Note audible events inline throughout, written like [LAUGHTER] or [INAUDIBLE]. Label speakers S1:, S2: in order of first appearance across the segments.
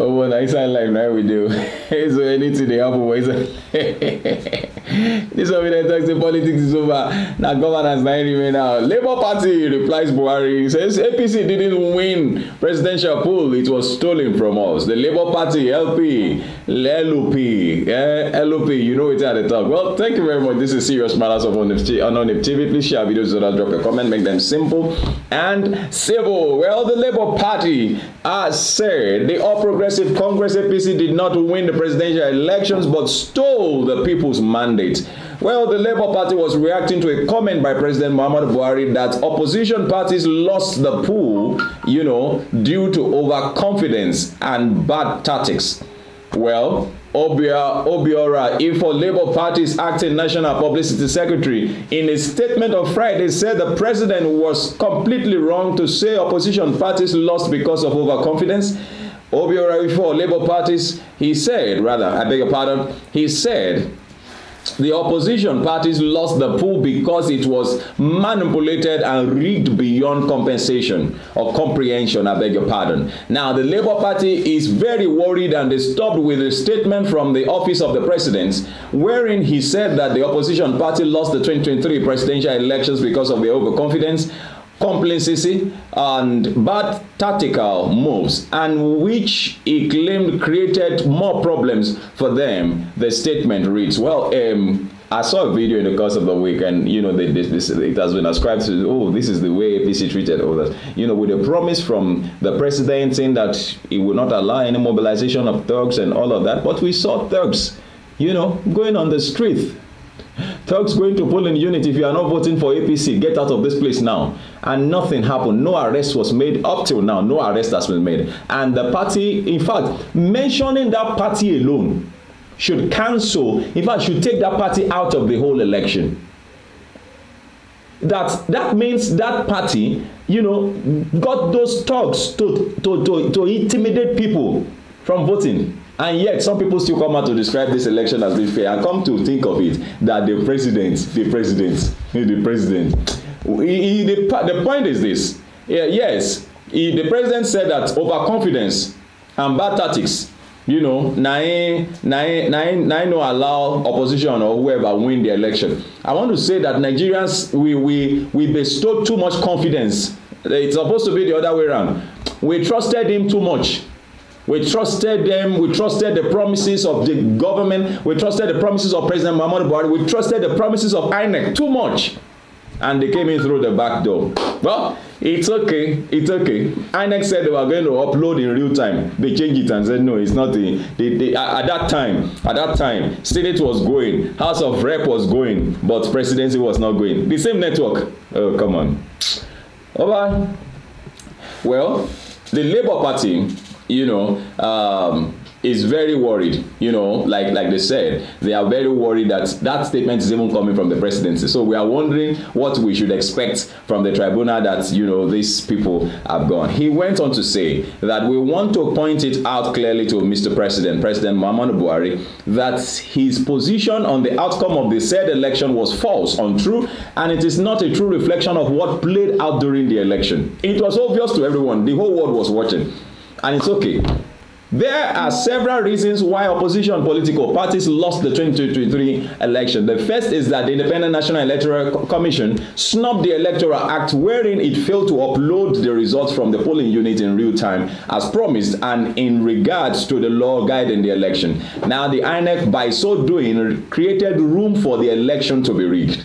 S1: Oh, what nice and live now we do. [LAUGHS] so anything they have always this one wey the say politics is over Now governance na remain now labour party replies buhari says apc didn't win presidential poll it was stolen from us the labour party lp LP, eh, you know it's at the top. well thank you very much this is serious matters of anonymity tv please share videos so that drop a comment make them simple and civil well the labour party has said the all progressive congress apc did not win the presidential elections but stole the people's mandate mandate. Well, the Labour Party was reacting to a comment by President Muhammad Buhari that opposition parties lost the pool, you know, due to overconfidence and bad tactics. Well, Obia Obiora Ifo Labour Party's acting national publicity secretary in a statement on Friday said the president was completely wrong to say opposition parties lost because of overconfidence. Obiora Ifo Labour Party's, he said, rather, I beg your pardon, he said the opposition parties lost the pool because it was manipulated and rigged beyond compensation or comprehension, I beg your pardon. Now, the Labour Party is very worried and disturbed with a statement from the office of the president wherein he said that the opposition party lost the 2023 presidential elections because of their overconfidence complacency and bad tactical moves and which he claimed created more problems for them the statement reads well um, I saw a video in the course of the week, and you know, they, they, it has been ascribed to, oh, this is the way APC treated all that. You know, with a promise from the president saying that he would not allow any mobilization of thugs and all of that, but we saw thugs, you know, going on the streets." Turks going to poll in unity. If you are not voting for APC, get out of this place now. And nothing happened. No arrest was made up till now. No arrest has been made. And the party, in fact, mentioning that party alone should cancel, in fact, should take that party out of the whole election. That that means that party, you know, got those thugs to, to, to, to intimidate people from voting and yet some people still come out to describe this election as being fair and come to think of it that the president the president the president he, he, the, the point is this yeah, yes he, the president said that overconfidence and bad tactics you know na him na him na him na him no allow opposition or whoever win the election i want to say that nigerians we we we bestow too much confidence it's supposed to be the other way around we trusted him too much We trusted them. We trusted the promises of the government. We trusted the promises of President Mahmoud Buhari. We trusted the promises of INEC too much. And they came in through the back door. Well, it's okay. It's okay. INEC said they were going to upload in real time. They changed it and said, no, it's not. The, the, the, at that time, at that time, Senate was going. House of Rep was going. But presidency was not going. The same network. Oh, come on. All right. Well, the Labour Party you know, um, is very worried. You know, like like they said, they are very worried that that statement is even coming from the presidency. So we are wondering what we should expect from the tribunal that you know these people have gone. He went on to say that we want to point it out clearly to Mr. President, President Muhammadu Buhari, that his position on the outcome of the said election was false, untrue, and it is not a true reflection of what played out during the election. It was obvious to everyone. The whole world was watching and it's okay. There are several reasons why opposition political parties lost the 2023 election. The first is that the Independent National Electoral Commission snubbed the Electoral Act wherein it failed to upload the results from the polling unit in real time as promised and in regards to the law guiding the election. Now the INEC by so doing created room for the election to be rigged.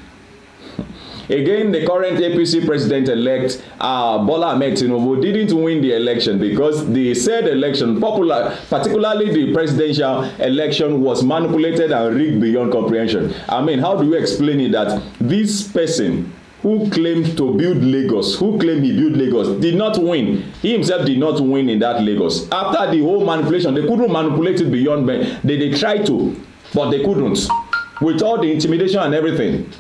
S1: Again, the current APC president-elect uh, Bola Ahmed Tinubu didn't win the election because the said election, popular, particularly the presidential election, was manipulated and rigged beyond comprehension. I mean, how do you explain it that this person who claimed to build Lagos, who claimed he built Lagos, did not win. He himself did not win in that Lagos. After the whole manipulation, they couldn't manipulate it beyond, they, they tried to, but they couldn't. With all the intimidation and everything.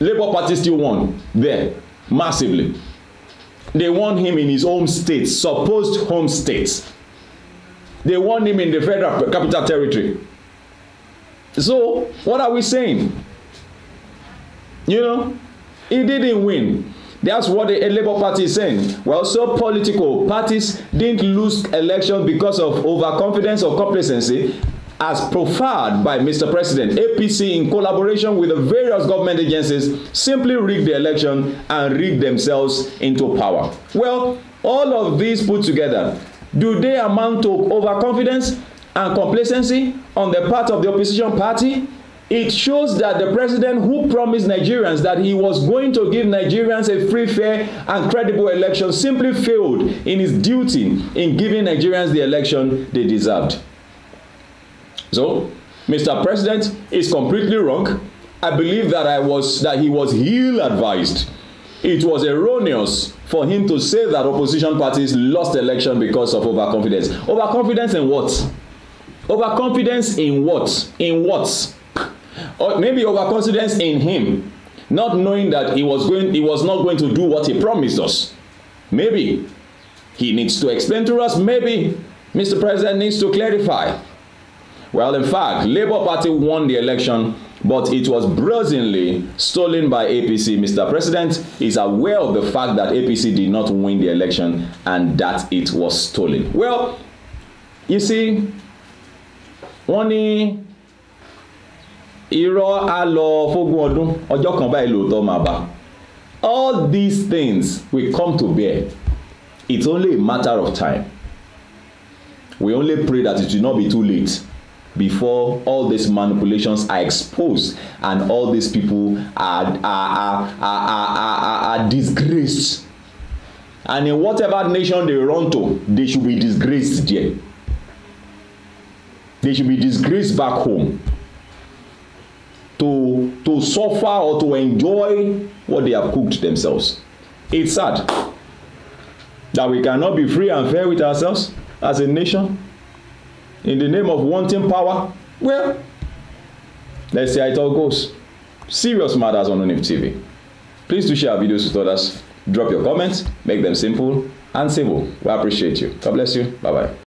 S1: Labour Party still won there massively. They won him in his home state, supposed home state. They won him in the federal capital territory. So, what are we saying? You know, he didn't win. That's what the Labour Party is saying. Well, so political parties didn't lose election because of overconfidence or complacency. as preferred by Mr. President, APC in collaboration with the various government agencies simply rigged the election and rigged themselves into power. Well, all of these put together, do they amount to overconfidence and complacency on the part of the opposition party? It shows that the president who promised Nigerians that he was going to give Nigerians a free, fair, and credible election simply failed in his duty in giving Nigerians the election they deserved. So, Mr. President is completely wrong. I believe that I was that he was ill advised. It was erroneous for him to say that opposition parties lost election because of overconfidence. Overconfidence in what? Overconfidence in what? In what? Or maybe overconfidence in him, not knowing that he was going he was not going to do what he promised us. Maybe he needs to explain to us, maybe Mr. President needs to clarify. Well, in fact, Labour Party won the election, but it was brazenly stolen by APC. Mr. President is aware of the fact that APC did not win the election and that it was stolen. Well, you see, wọ́n ní irọ́ á lọ fógún ọdún ọjọ́ kan báyìí lóòótọ́ máa bá. All these things will come to bear. It's only a matter of time. We only pray that it will not be too late before all these manipulations are exposed and all these people are are are are are, are, are disgraced and in whatever nation they run to they should be disgraced there they should be disgraced back home to to suffer or to enjoy what they have cooked themselves it's sad that we cannot be free and fair with ourselves as a nation in the name of wanting power, well, let's see how it all goes. Serious matters on Unif TV. Please do share videos with others. Drop your comments, make them simple and civil. We appreciate you. God bless you. Bye bye.